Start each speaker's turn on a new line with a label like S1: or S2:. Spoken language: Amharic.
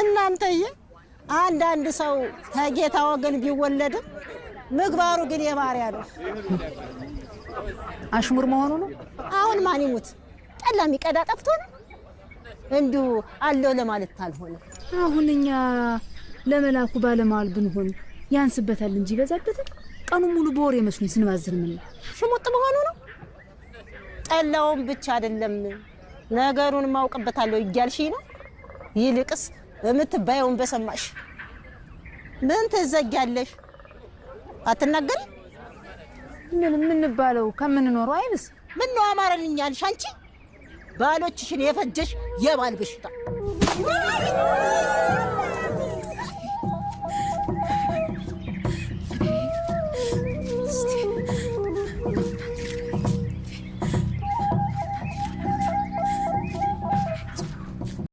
S1: እናንተዬ አንዳንድ ሰው ከጌታ ወገን ቢወለድም ምግባሩ ግን የባሪያ ነው።
S2: አሽሙር መሆኑ ነው።
S1: አሁን ማን ይሙት ጠላ የሚቀዳ ጠፍቶ ነው። እንዲሁ አለው ለማለት ታልሆነ
S2: አሁን እኛ ለመላኩ ባለመዋል ብንሆን ያንስበታል እንጂ ይበዛበታል። ቀኑን ሙሉ በወር የመስሉ ስንባዝር ምን
S1: ሽሙጥ መሆኑ ነው። ጠላውም ብቻ አይደለም ነገሩን ማውቅበታለሁ እያልሽኝ ነው? ይልቅስ የምትባየውን በሰማሽ ምን ትዘጊያለሽ? አትናገሪ።
S2: ምን የምንባለው ከምንኖረው አይብስ።
S1: ምን ነው አማረልኝ አንቺ ባሎችሽን የፈጀሽ የባል በሽታ